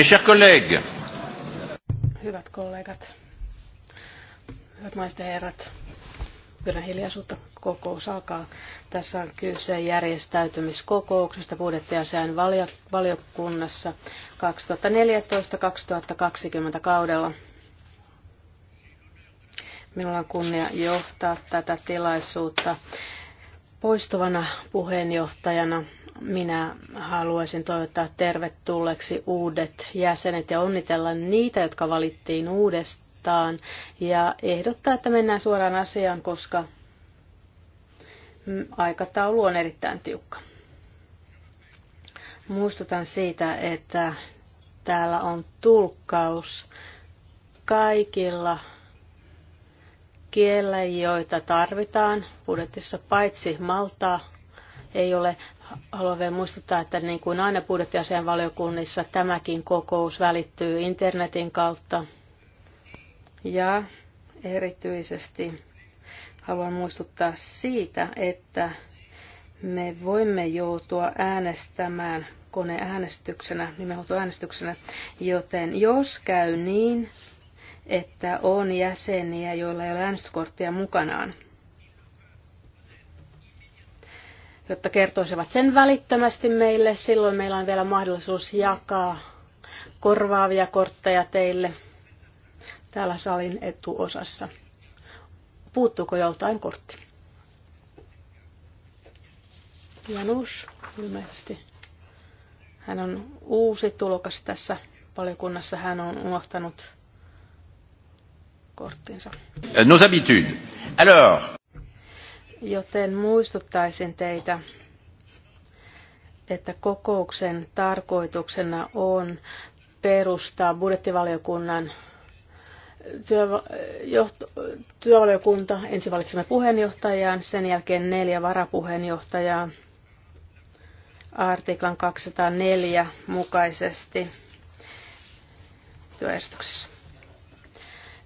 Mes chers collègues. Hyvät kollegat, hyvät naiset ja herrat, pyydän hiljaisuutta. Kokous alkaa. Tässä on kyse järjestäytymiskokouksesta budjettiasiain valiokunnassa 2014-2020 kaudella. Minulla on kunnia johtaa tätä tilaisuutta poistuvana puheenjohtajana minä haluaisin toivottaa tervetulleeksi uudet jäsenet ja onnitella niitä, jotka valittiin uudestaan ja ehdottaa, että mennään suoraan asiaan, koska aikataulu on erittäin tiukka. Muistutan siitä, että täällä on tulkkaus kaikilla kielle, joita tarvitaan budjetissa, paitsi Maltaa ei ole. Haluan vielä muistuttaa, että niin kuin aina budjettiasian valiokunnissa tämäkin kokous välittyy internetin kautta. Ja erityisesti haluan muistuttaa siitä, että me voimme joutua äänestämään koneäänestyksenä, nimenhuutoäänestyksenä, joten jos käy niin, että on jäseniä, joilla ei ole äänestyskorttia mukanaan, jotta kertoisivat sen välittömästi meille. Silloin meillä on vielä mahdollisuus jakaa korvaavia kortteja teille täällä salin etuosassa. Puuttuuko joltain kortti? Janus, ilmeisesti. Hän on uusi tulokas tässä valiokunnassa. Hän on unohtanut korttinsa. Euh, nos habitudes. Alors. Joten muistuttaisin teitä, että kokouksen tarkoituksena on perustaa budjettivaliokunnan työ, johto, työvaliokunta. Ensin valitsemme puheenjohtajan, sen jälkeen neljä varapuheenjohtajaa artiklan 204 mukaisesti työjärjestyksessä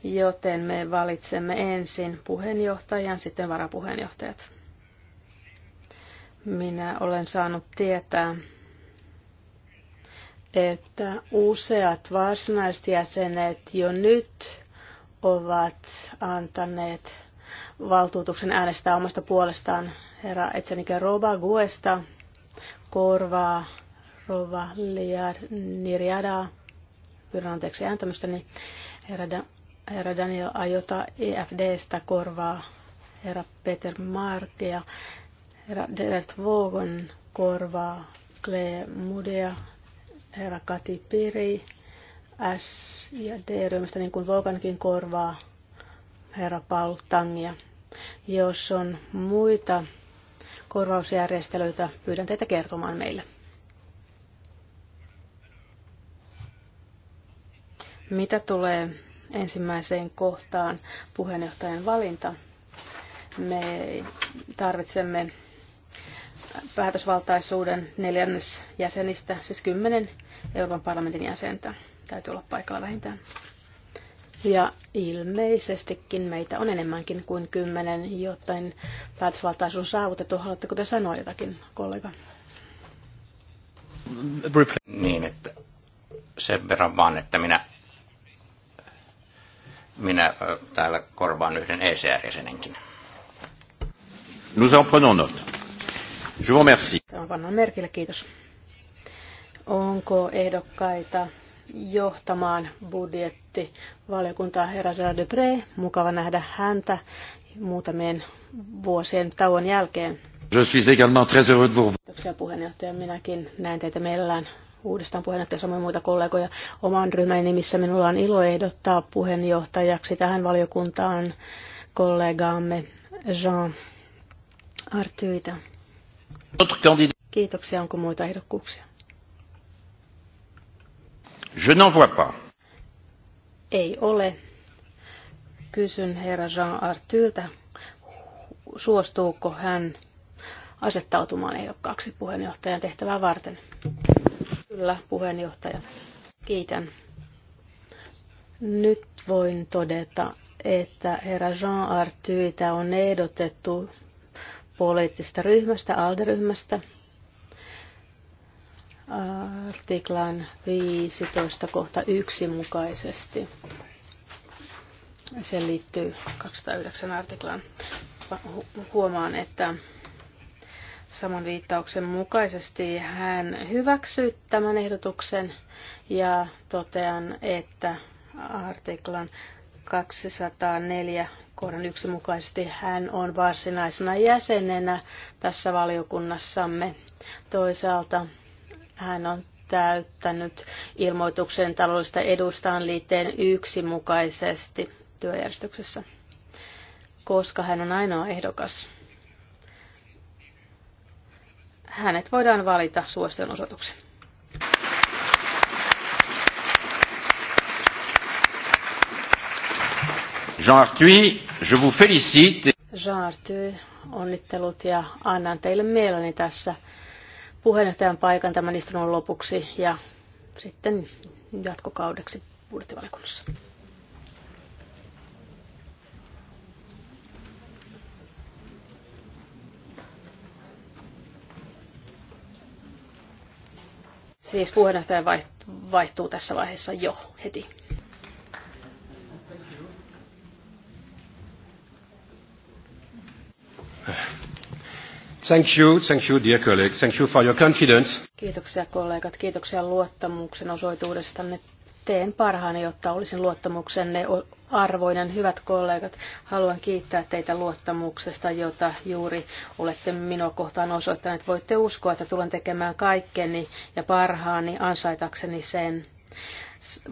joten me valitsemme ensin puheenjohtajan, sitten varapuheenjohtajat. Minä olen saanut tietää, että useat varsinaiset jäsenet jo nyt ovat antaneet valtuutuksen äänestää omasta puolestaan herra Etsenike Roba Guesta korvaa Rova Liar Niriada, pyydän anteeksi ääntämystäni, herra herra Daniel Ajota EFDstä korvaa herra Peter Martia, herra Derek Vogon korvaa Klee Mudea, herra Kati Piri, S- ja D-ryhmästä, niin kuin Vogankin korvaa herra Paul Tangia. Jos on muita korvausjärjestelyitä, pyydän teitä kertomaan meille. Mitä tulee ensimmäiseen kohtaan puheenjohtajan valinta. Me tarvitsemme päätösvaltaisuuden neljännes jäsenistä, siis kymmenen Euroopan parlamentin jäsentä täytyy olla paikalla vähintään. Ja ilmeisestikin meitä on enemmänkin kuin kymmenen, jotain päätösvaltaisuus on saavutettu. Haluatteko te sanoa jotakin, kollega? Niin, että sen verran vaan, että minä minä täällä korvaan yhden ECR-jäsenenkin. Nous en prenons note. Je vous remercie. Pannaan merkille, kiitos. Onko ehdokkaita johtamaan budjetti budjettivaliokuntaa Herra de Pre? Mukava nähdä häntä muutamien vuosien tauon jälkeen. Je suis également très heureux de vous. Kiitoksia puheenjohtaja. Minäkin näen teitä mielellään uudestaan puheenjohtaja samoin muita kollegoja. Oman ryhmäni nimissä minulla on ilo ehdottaa puheenjohtajaksi tähän valiokuntaan kollegaamme Jean Artyitä. Kiitoksia. Onko muita ehdokkuuksia? Je n'en vois pas. Ei ole. Kysyn herra Jean Artyltä, suostuuko hän asettautumaan ehdokkaaksi puheenjohtajan tehtävää varten. Kyllä, puheenjohtaja. Kiitän. Nyt voin todeta, että herra Jean Artyitä on ehdotettu poliittisesta ryhmästä, ALDE-ryhmästä, artiklan 15 kohta 1 mukaisesti. Se liittyy 209 artiklaan. Huomaan, että saman viittauksen mukaisesti hän hyväksyi tämän ehdotuksen ja totean, että artiklan 204 kohdan yksi mukaisesti hän on varsinaisena jäsenenä tässä valiokunnassamme. Toisaalta hän on täyttänyt ilmoituksen taloudellista edustaan liitteen yksi mukaisesti työjärjestyksessä, koska hän on ainoa ehdokas hänet voidaan valita suostion osoituksen. Jean Arthuis, je vous félicite. Jean Arthuis, onnittelut ja annan teille mieleni tässä puheenjohtajan paikan tämän istunnon lopuksi ja sitten jatkokaudeksi budjettivaliokunnassa. Siis puheenjohtaja vaihtuu tässä vaiheessa jo heti. Thank you, thank you, dear colleague. Thank you for your confidence. Kiitoksia kollegat, kiitoksia luottamuksen osoituudestanne teen parhaani, jotta olisin luottamuksenne arvoinen. Hyvät kollegat, haluan kiittää teitä luottamuksesta, jota juuri olette minua kohtaan osoittaneet. Voitte uskoa, että tulen tekemään kaikkeni ja parhaani ansaitakseni sen.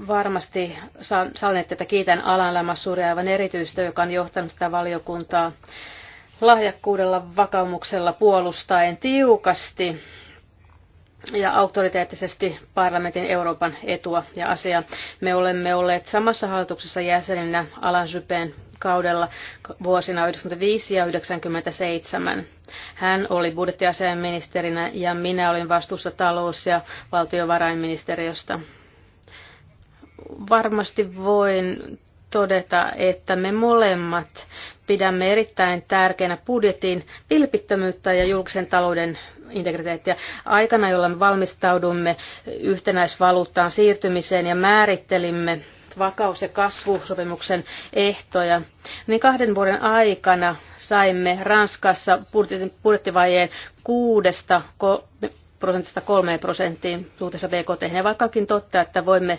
Varmasti sallinette, että kiitän Alan Lämassuria aivan erityistä, joka on johtanut tätä valiokuntaa lahjakkuudella, vakaumuksella puolustaen tiukasti ja auktoriteettisesti parlamentin Euroopan etua ja asiaa. Me olemme olleet samassa hallituksessa jäseninä Alan Sypeen kaudella vuosina 1995 ja 1997. Hän oli budjettiasiainministerinä ja minä olin vastuussa talous- ja valtiovarainministeriöstä. Varmasti voin todeta, että me molemmat pidämme erittäin tärkeänä budjetin vilpittömyyttä ja julkisen talouden integriteettiä. Aikana, jolloin valmistaudumme yhtenäisvaluuttaan siirtymiseen ja määrittelimme vakaus- ja kasvusopimuksen ehtoja, niin kahden vuoden aikana saimme Ranskassa budjettivajeen kuudesta prosentista kolmeen prosenttiin suhteessa BKT. Ja vaikkakin totta, että voimme,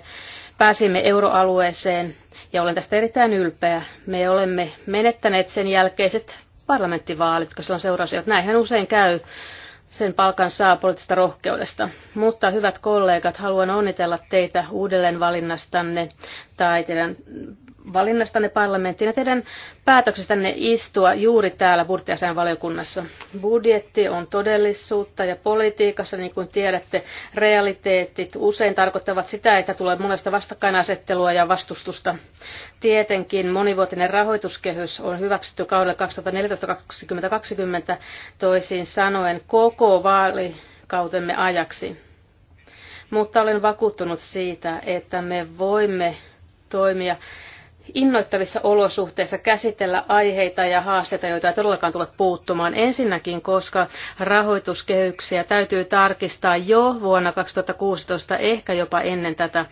pääsimme euroalueeseen ja olen tästä erittäin ylpeä. Me olemme menettäneet sen jälkeiset parlamenttivaalit, koska seuraus, että Näinhän usein käy sen palkan saa poliittisesta rohkeudesta. Mutta hyvät kollegat, haluan onnitella teitä uudelleenvalinnastanne tai teidän valinnastanne parlamenttiin ja teidän päätöksestänne istua juuri täällä budjettiasian valiokunnassa. Budjetti on todellisuutta ja politiikassa, niin kuin tiedätte, realiteetit usein tarkoittavat sitä, että tulee monesta vastakkainasettelua ja vastustusta. Tietenkin monivuotinen rahoituskehys on hyväksytty kaudelle 2014-2020 toisin sanoen koko vaalikautemme ajaksi. Mutta olen vakuuttunut siitä, että me voimme toimia innoittavissa olosuhteissa käsitellä aiheita ja haasteita, joita ei todellakaan tule puuttumaan. Ensinnäkin, koska rahoituskehyksiä täytyy tarkistaa jo vuonna 2016, ehkä jopa ennen tätä.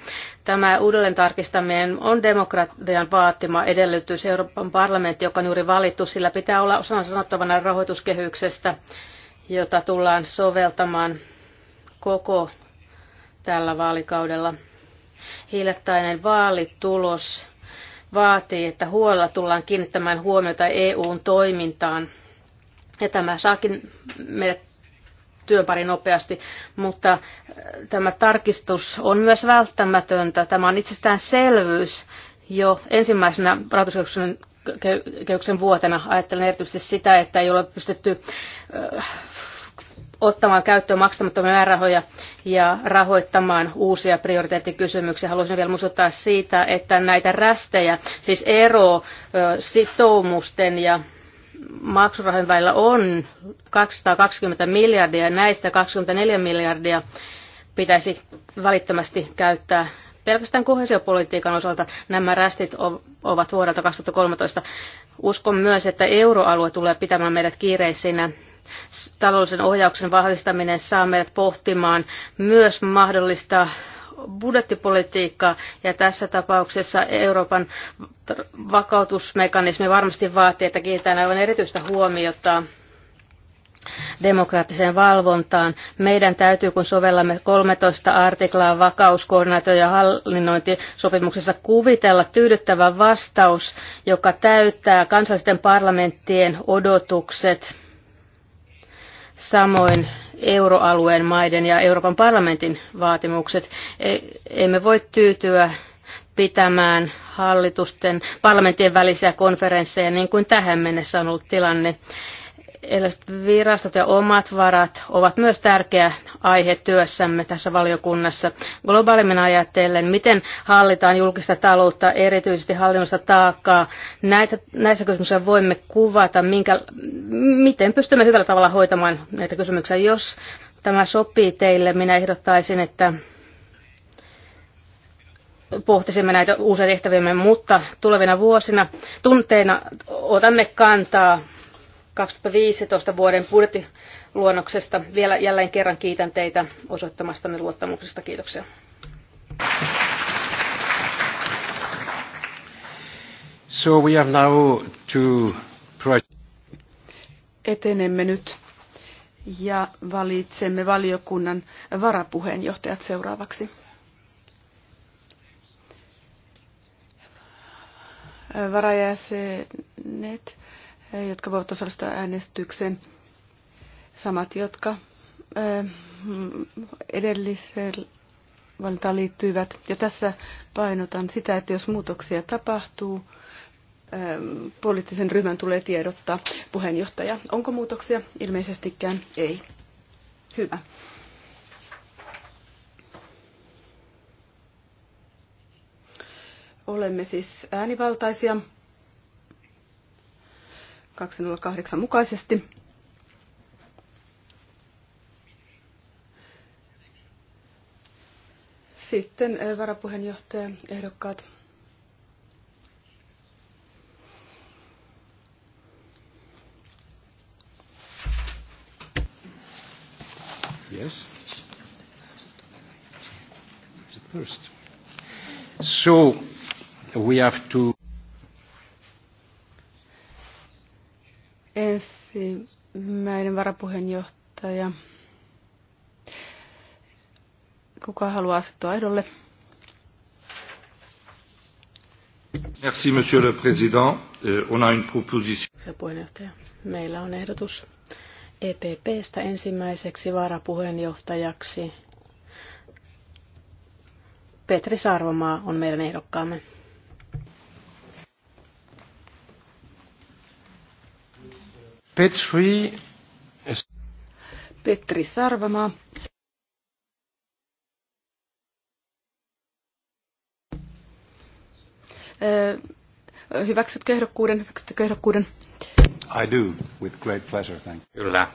Tämä uudelleen tarkistaminen on demokratian vaatima edellytys Euroopan parlamentti, joka on juuri valittu, sillä pitää olla osana sanottavana rahoituskehyksestä, jota tullaan soveltamaan koko tällä vaalikaudella. Hiljattainen vaalitulos vaatii, että huolella tullaan kiinnittämään huomiota EUn toimintaan. Ja tämä saakin meidät työn pari nopeasti, mutta äh, tämä tarkistus on myös välttämätöntä. Tämä on itsestäänselvyys jo ensimmäisenä rahoituskehyksen kehyksen vuotena. Ajattelen erityisesti sitä, että ei ole pystytty äh, ottamaan käyttöön maksamattomia määrärahoja ja rahoittamaan uusia prioriteettikysymyksiä. Haluaisin vielä muistuttaa siitä, että näitä rästejä, siis ero sitoumusten ja maksurahojen välillä on 220 miljardia ja näistä 24 miljardia pitäisi välittömästi käyttää pelkästään kohesiopolitiikan osalta nämä rästit ovat vuodelta 2013. Uskon myös, että euroalue tulee pitämään meidät kiireisinä taloudellisen ohjauksen vahvistaminen saa meidät pohtimaan myös mahdollista budjettipolitiikkaa ja tässä tapauksessa Euroopan vakautusmekanismi varmasti vaatii, että kiinnitään aivan erityistä huomiota demokraattiseen valvontaan. Meidän täytyy, kun sovellamme 13 artiklaa vakauskoordinaatio- ja hallinnointisopimuksessa, kuvitella tyydyttävä vastaus, joka täyttää kansallisten parlamenttien odotukset – samoin euroalueen maiden ja Euroopan parlamentin vaatimukset. E, emme voi tyytyä pitämään hallitusten, parlamenttien välisiä konferensseja niin kuin tähän mennessä on ollut tilanne virastot ja omat varat ovat myös tärkeä aihe työssämme tässä valiokunnassa. Globaalimmin ajatellen, miten hallitaan julkista taloutta, erityisesti hallinnosta taakkaa. Näitä, näissä kysymyksissä voimme kuvata, minkä, miten pystymme hyvällä tavalla hoitamaan näitä kysymyksiä. Jos tämä sopii teille, minä ehdottaisin, että pohtisimme näitä uusia tehtäviämme, mutta tulevina vuosina, tunteina otamme kantaa 2015 vuoden budjettiluonnoksesta. Vielä jälleen kerran kiitän teitä osoittamastanne luottamuksesta. Kiitoksia. So we now to... Etenemme nyt ja valitsemme valiokunnan varapuheenjohtajat seuraavaksi. Varajäsenet jotka voivat osallistua äänestykseen. Samat, jotka edelliseen valintaan liittyvät. Ja tässä painotan sitä, että jos muutoksia tapahtuu, poliittisen ryhmän tulee tiedottaa puheenjohtaja. Onko muutoksia? Ilmeisestikään ei. Hyvä. Olemme siis äänivaltaisia. 208 mukaisesti. Sitten eh, varapuheenjohtaja ehdokkaat. Yes. First. So we have to meidän varapuheenjohtaja. Kuka haluaa asettua ehdolle? Merci, monsieur le président. Euh, on a une proposition. Puheenjohtaja. Meillä on ehdotus EPPstä ensimmäiseksi varapuheenjohtajaksi. Petri Sarvomaa on meidän ehdokkaamme. Petri, Petri Sarvamaa. Hyväksytkö ehdokkuuden? Hyväksytkö ehdokkuuden? I do, with great pleasure, thank you. Kyllä,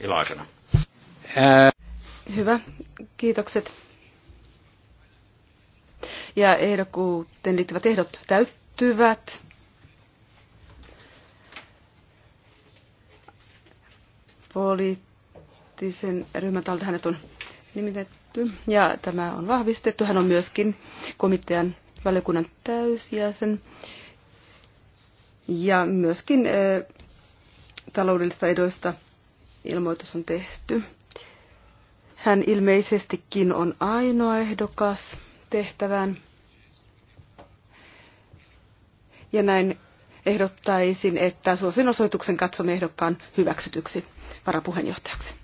iloisena. Uh, Hyvä, kiitokset. Ja ehdokkuuteen liittyvät ehdot täyttyvät. poliittisen ryhmän talta hänet on nimitetty ja tämä on vahvistettu. Hän on myöskin komitean valiokunnan täysjäsen ja myöskin ö, taloudellisista edoista ilmoitus on tehty. Hän ilmeisestikin on ainoa ehdokas tehtävään. Ja näin ehdottaisin, että osoituksen katsomme ehdokkaan hyväksytyksi varapuheenjohtajaksi.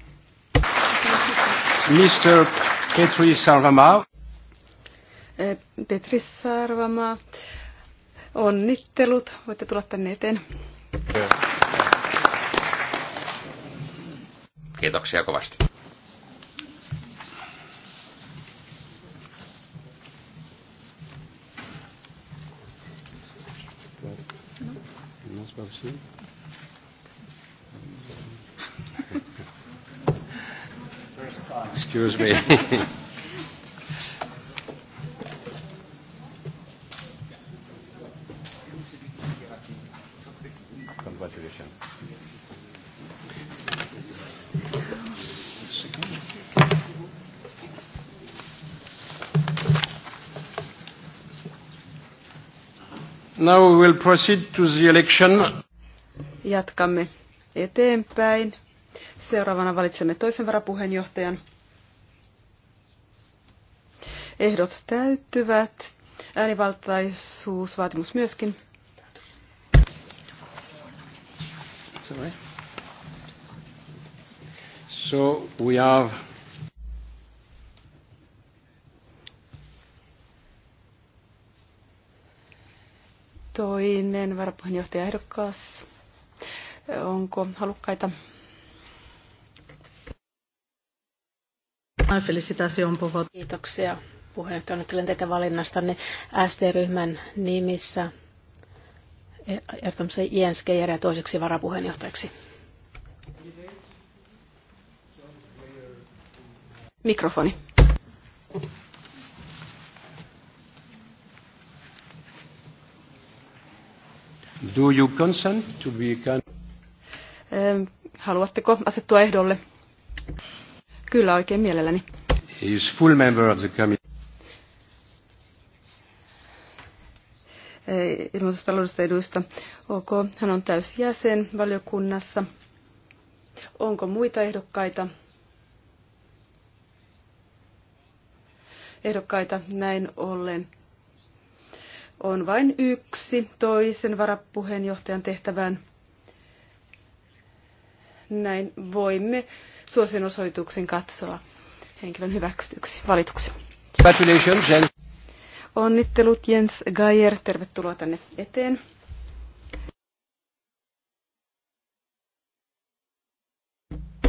Mr. Petri Sarvama. Eh, Petri Sarvama, onnittelut. Voitte tulla tänne eteen. Kiitoksia kovasti. aussi. Excuse me. Now we will proceed to the election. Jatkamme eteenpäin. Seuraavana valitsemme toisen varapuheenjohtajan. Ehdot täyttyvät. Äänivaltaisuusvaatimus myöskin. So we have toinen varapuheenjohtaja ehdokkaas. Onko halukkaita? Kiitoksia puheenjohtaja. Onnittelen teitä valinnastanne ST-ryhmän nimissä. Ertomsen jens keijärä toiseksi varapuheenjohtajaksi. Mikrofoni. Do you consent to be... Ähm, haluatteko asettua ehdolle? Kyllä oikein mielelläni. He is full member of the committee. ilmoitustaloudellisista eduista. OK, hän on täysjäsen valiokunnassa. Onko muita ehdokkaita? Ehdokkaita näin ollen on vain yksi toisen varapuheenjohtajan tehtävään. Näin voimme osoituksen katsoa henkilön hyväksytyksi, valituksi. Onnittelut Jens Geier, tervetuloa tänne eteen.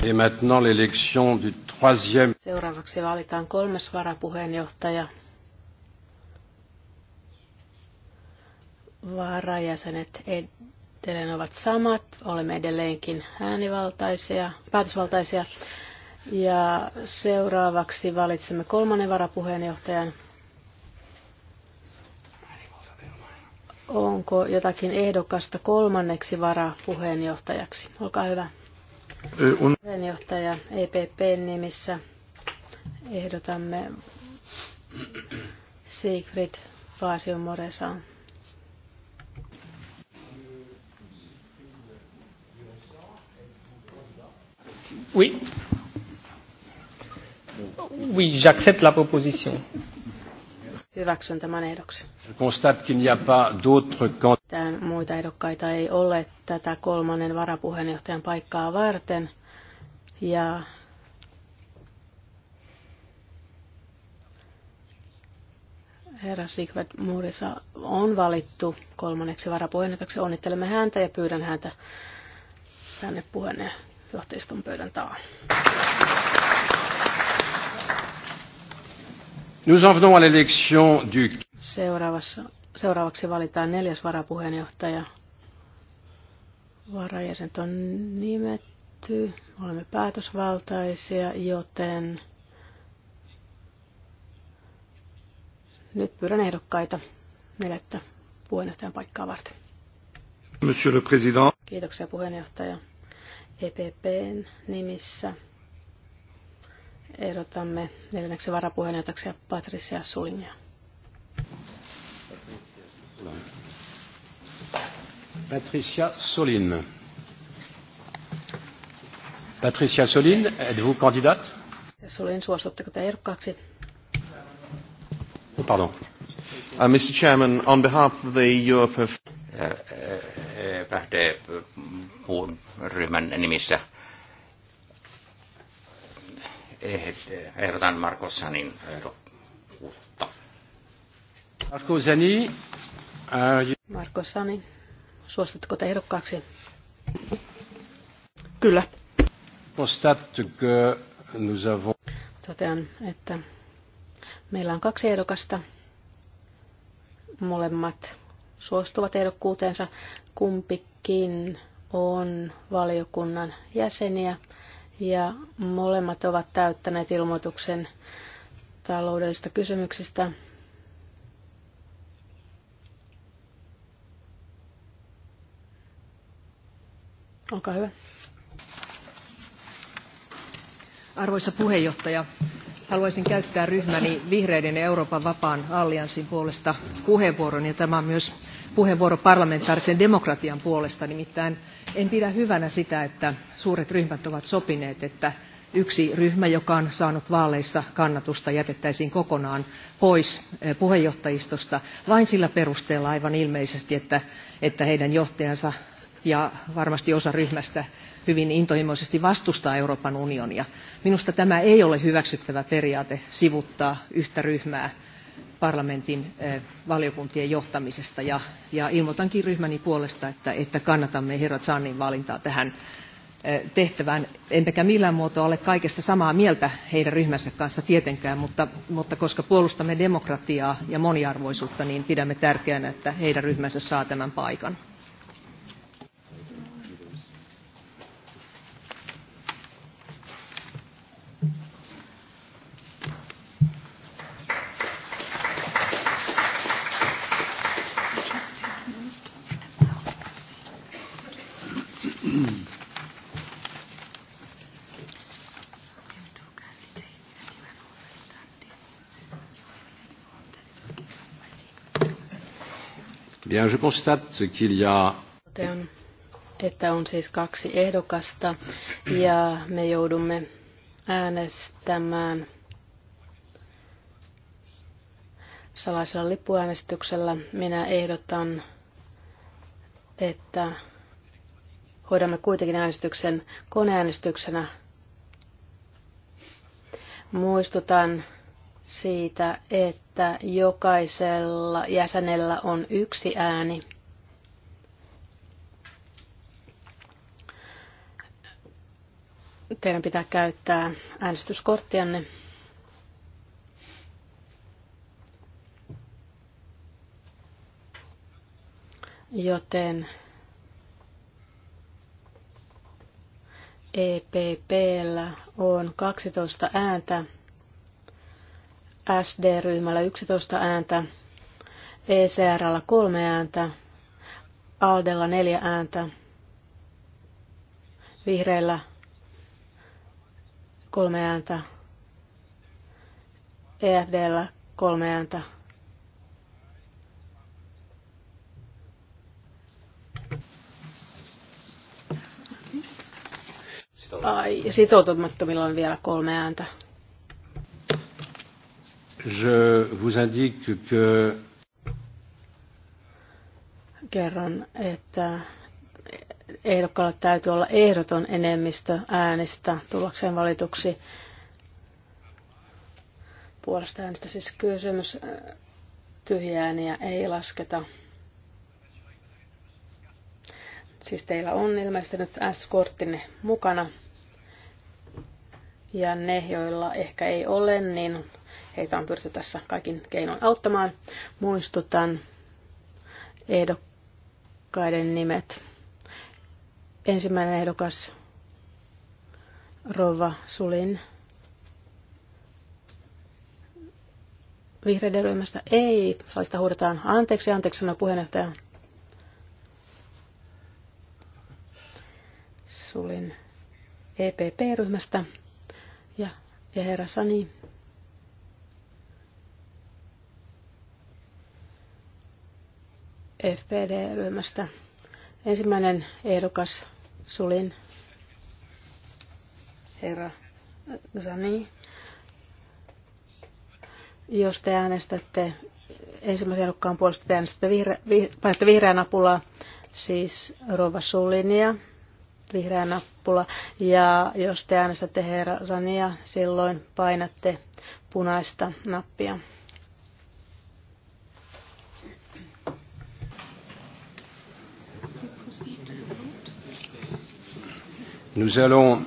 Et maintenant l'élection du troisième. Seuraavaksi valitaan kolmas varapuheenjohtaja. varajäsenet edelleen ovat samat. Olemme edelleenkin äänivaltaisia, päätösvaltaisia. Ja seuraavaksi valitsemme kolmannen varapuheenjohtajan. Onko jotakin ehdokasta kolmanneksi varapuheenjohtajaksi? Olkaa hyvä. Puheenjohtaja epp nimissä ehdotamme Siegfried Vaasio Moresaan. oui, j'accepte la proposition. Hyväksyn tämän ehdoksen. Mitään muita ehdokkaita ei ole tätä kolmannen varapuheenjohtajan paikkaa varten. Ja herra Sigvard Murisa on valittu kolmanneksi varapuheenjohtajaksi. Onnittelemme häntä ja pyydän häntä tänne puheenjohtajiston pöydän taa. Nous en venons à l'élection du... Seuraavassa, seuraavaksi valitaan neljäs varapuheenjohtaja. Varajäsenet on nimetty, olemme päätösvaltaisia, joten nyt pyydän ehdokkaita neljättä puheenjohtajan paikkaa varten. Monsieur le Président. Kiitoksia puheenjohtaja. EPPn nimissä ehdotamme neljänneksi varapuheenjohtajaksi Patricia Sulinia. Patricia Solin. Patricia Solin, êtes-vous candidate Solin, suostutteko te ehdokkaaksi? Oh, pardon. Uh, Mr. Chairman, on behalf of the Europe of... ryhmän nimissä Eh, ehdotan Marko Sanin ehdokkuutta. Marko Sani. Marko Sani, suostutko te ehdokkaaksi? Kyllä. Totean, että meillä on kaksi ehdokasta. Molemmat suostuvat ehdokkuuteensa. Kumpikin on valiokunnan jäseniä ja molemmat ovat täyttäneet ilmoituksen taloudellisista kysymyksistä. Olkaa hyvä. Arvoisa puheenjohtaja, haluaisin käyttää ryhmäni Vihreiden ja Euroopan vapaan allianssin puolesta puheenvuoron ja tämä on myös puheenvuoro parlamentaarisen demokratian puolesta. Nimittäin en pidä hyvänä sitä, että suuret ryhmät ovat sopineet, että yksi ryhmä, joka on saanut vaaleissa kannatusta, jätettäisiin kokonaan pois eh, puheenjohtajistosta vain sillä perusteella aivan ilmeisesti, että, että heidän johtajansa ja varmasti osa ryhmästä hyvin intohimoisesti vastustaa Euroopan unionia. Minusta tämä ei ole hyväksyttävä periaate sivuttaa yhtä ryhmää parlamentin valiokuntien johtamisesta ja, ja ilmoitankin ryhmäni puolesta, että, että kannatamme herra Zannin valintaa tähän tehtävään, emmekä millään muotoa ole kaikesta samaa mieltä heidän ryhmänsä kanssa tietenkään, mutta, mutta koska puolustamme demokratiaa ja moniarvoisuutta, niin pidämme tärkeänä, että heidän ryhmänsä saa tämän paikan. constate qu'il y a... Totean, että on siis kaksi ehdokasta ja me joudumme äänestämään salaisella lippuäänestyksellä. Minä ehdotan, että hoidamme kuitenkin äänestyksen koneäänestyksenä. Muistutan siitä, että jokaisella jäsenellä on yksi ääni. Teidän pitää käyttää äänestyskorttianne. Joten EPP on 12 ääntä SD-ryhmällä 11 ääntä, ECRllä 3 ääntä, Aldella 4 ääntä, Vihreillä 3 ääntä, EFDllä 3 ääntä. Ai, sitoutumattomilla on vielä kolme ääntä. Je vous indique que... Kerron, että ehdokkaalla täytyy olla ehdoton enemmistö äänistä tullakseen valituksi. Puolesta äänestä siis kysymys ääniä ei lasketa. Siis teillä on ilmeisesti nyt S-korttinne mukana. Ja ne, joilla ehkä ei ole, niin Heitä on pyritty tässä kaikin keinoin auttamaan. Muistutan ehdokkaiden nimet. Ensimmäinen ehdokas Rova Sulin vihreiden ryhmästä ei. Salista huudetaan anteeksi, anteeksi, sanoi puheenjohtaja. Sulin EPP-ryhmästä ja, ja herra Sani FPD-ryhmästä. Ensimmäinen ehdokas Sulin herra Zani. Jos te äänestätte ensimmäisen ehdokkaan puolesta, te äänestätte vihreä, vih, vihreän napulaa, siis Rova Sulinia vihreän nappula. Ja jos te äänestätte herra Zania, silloin painatte punaista nappia. Nous allons,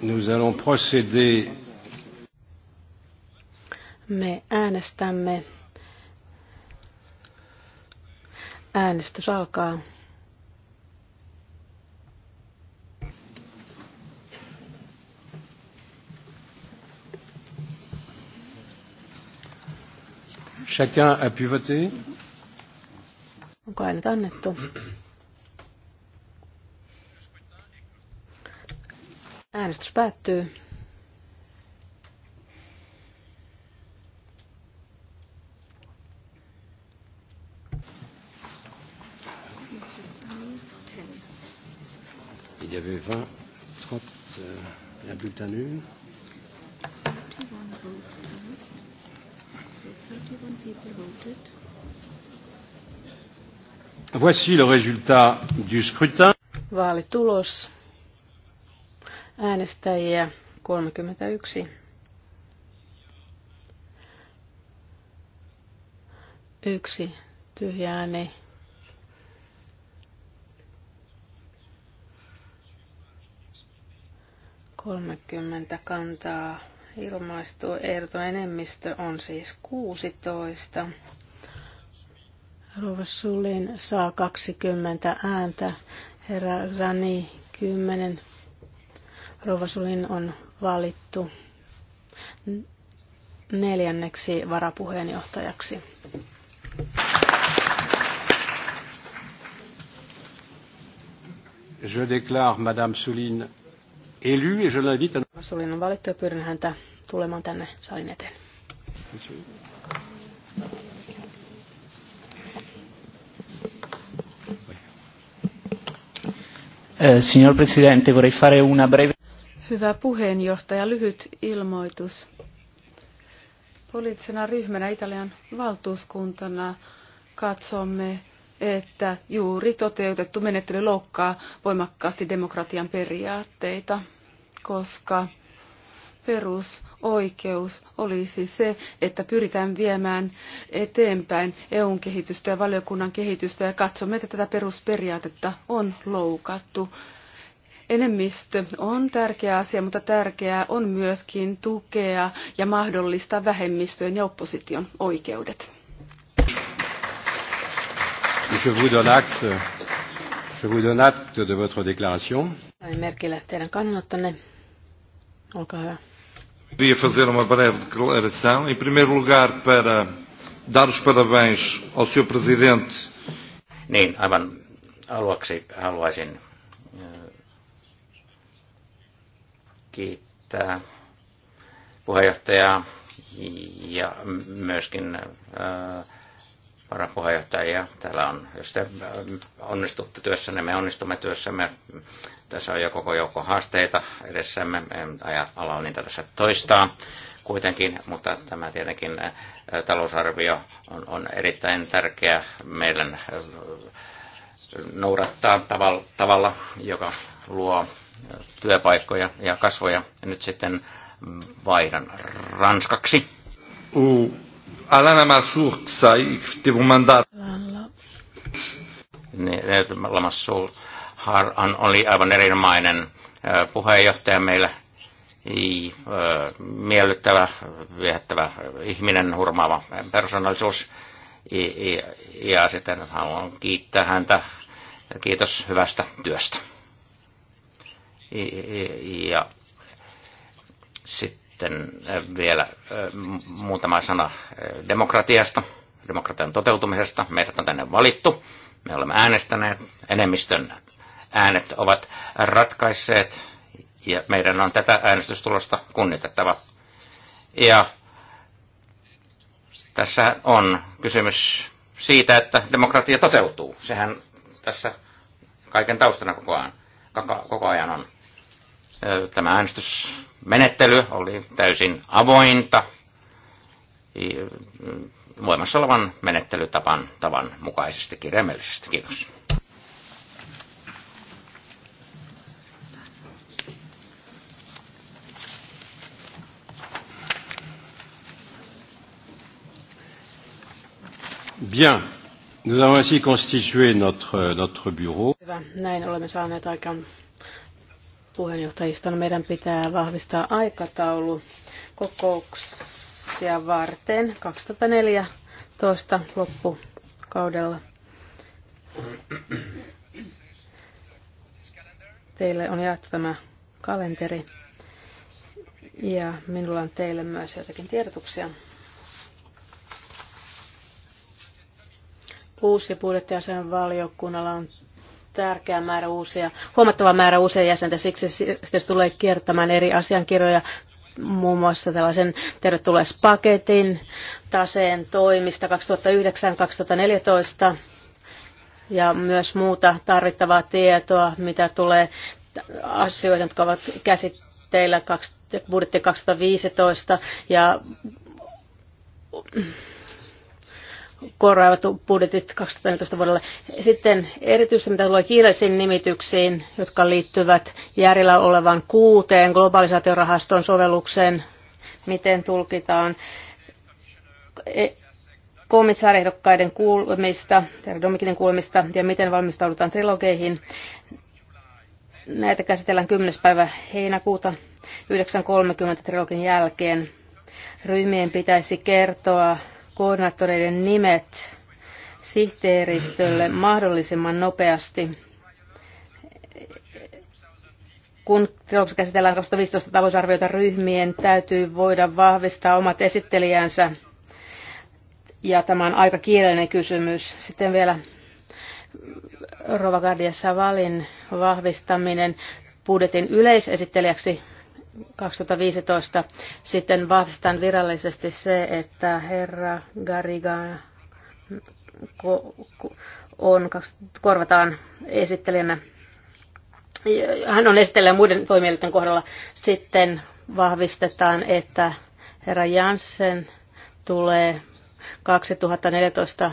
nous allons procéder. Me äänestämme. Äänestys alkaa. Chacun a pu voter? Onko äänet annettu? Äänestys päättyy. Il y avait 20, 30, euh, un bulletin nul. Voici le résultat du scrutin. Vaalitulos äänestäjiä 31. Yksi tyhjä ääni. Kolmekymmentä kantaa ilmaistu ehdoton enemmistö on siis 16. Rova Sulin saa 20 ääntä, herra Rani 10, Rouva Sulin on valittu neljänneksi varapuheenjohtajaksi. Je déclare Madame Souline élue et je l'invite à... Souline on valittu ja pyydän häntä tulemaan tänne salin eteen. Eh, signor Presidente, vorrei fare una breve... Hyvä puheenjohtaja, lyhyt ilmoitus. Poliittisena ryhmänä Italian valtuuskuntana katsomme, että juuri toteutettu menettely loukkaa voimakkaasti demokratian periaatteita, koska perusoikeus olisi se, että pyritään viemään eteenpäin EUn kehitystä ja valiokunnan kehitystä ja katsomme, että tätä perusperiaatetta on loukattu. Enemmistö on tärkeä asia, mutta tärkeää on myöskin tukea ja mahdollistaa vähemmistöjen ja opposition oikeudet. Je vous donne acte, je vous donne acte de votre déclaration. teidän kannanottonne. Olkaa hyvä. Queria fazer uma breve declaração. Em primeiro lugar, para dar os parabéns ao Presidente. Niin, aivan aluksi haluaisin kiittää puheenjohtajaa ja myöskin äh, varapuheenjohtajia. Täällä on, jos te äh, onnistutte työssänne, me onnistumme työssämme. Tässä on jo koko joukko haasteita edessämme. En ala niitä tässä toistaa kuitenkin, mutta tämä tietenkin äh, talousarvio on, on erittäin tärkeä meidän noudattaa tavalla, tavalla joka luo työpaikkoja ja kasvoja. Nyt sitten vaihdan ranskaksi. U Alana Massour sai on, oli aivan erinomainen puheenjohtaja meillä. I, miellyttävä, viehättävä ihminen, hurmaava persoonallisuus. I, I, ja sitten haluan kiittää häntä. Kiitos hyvästä työstä. Ja sitten äh, vielä äh, muutama sana äh, demokratiasta, demokratian toteutumisesta. Meidät on tänne valittu, me olemme äänestäneet, enemmistön äänet ovat ratkaisseet ja meidän on tätä äänestystulosta kunnitettava. Ja tässä on kysymys siitä, että demokratia toteutuu. Sehän tässä kaiken taustana koko ajan, koko ajan on. Tämä äänestysmenettely oli täysin avointa mm, voimassa olevan menettelytapan tavan mukaisesti kirjaimellisesti. Kiitos. Bien. Nous avons ainsi constitué notre, euh, notre bureau. Hyvä. Näin olemme saaneet aikaan puheenjohtajiston meidän pitää vahvistaa aikataulu kokouksia varten 2014 loppukaudella. Teille on jaettu tämä kalenteri ja minulla on teille myös jotakin tiedotuksia. Uusi budjettiasian valiokunnalla on tärkeä määrä uusia, huomattava määrä uusia jäsentä, siksi se tulee kiertämään eri asiankirjoja, muun muassa tällaisen tervetulleespaketin taseen toimista 2009-2014 ja myös muuta tarvittavaa tietoa, mitä tulee asioihin, jotka ovat käsitteillä budjetti 2015 ja korvaavat budjetit 2014 vuodelle. Sitten erityisesti mitä tulee kiireisiin nimityksiin, jotka liittyvät järjellä olevan kuuteen globalisaatiorahaston sovellukseen, miten tulkitaan e- komissaariehdokkaiden kuulemista, Domikinin kuulemista ja miten valmistaudutaan trilogeihin. Näitä käsitellään 10. päivä heinäkuuta 9.30 trilogin jälkeen. Ryhmien pitäisi kertoa koordinaattoreiden nimet sihteeristölle mahdollisimman nopeasti. Kun trilogi käsitellään 2015 talousarviota ryhmien, täytyy voida vahvistaa omat esittelijänsä. Ja tämä on aika kiireinen kysymys. Sitten vielä Rovagardia Savalin vahvistaminen budjetin yleisesittelijäksi 2015. Sitten vahvistetaan virallisesti se, että herra Gariga on, korvataan esittelijänä. Hän on esittelijä muiden toimielinten kohdalla. Sitten vahvistetaan, että herra Janssen tulee 2014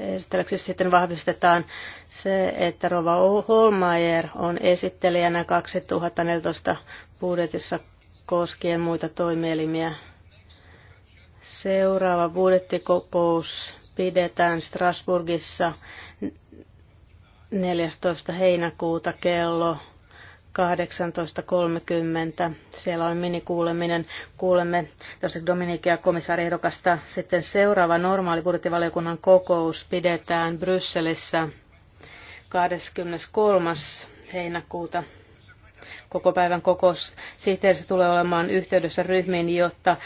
esittelyksi sitten vahvistetaan se, että Rova Holmeier on esittelijänä 2014 budjetissa koskien muita toimielimiä. Seuraava budjettikokous pidetään Strasburgissa 14. heinäkuuta kello 18.30. Siellä on minikuuleminen. Kuulemme tosiaan Dominikia komissaariehdokasta. Sitten seuraava normaali budjettivaliokunnan kokous pidetään Brysselissä 23. heinäkuuta. Koko päivän kokous sihteerissä tulee olemaan yhteydessä ryhmiin, jotta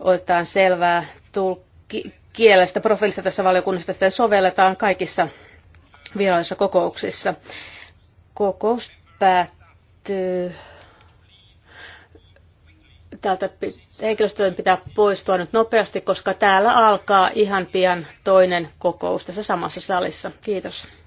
otetaan selvää tulkki kielestä profiilista tässä valiokunnassa. Sitä sovelletaan kaikissa virallisissa kokouksissa. Kokous päättyy Äh, täältä tältä henkilöstöön pitää poistua nyt nopeasti, koska täällä alkaa ihan pian toinen kokous tässä samassa salissa. Kiitos.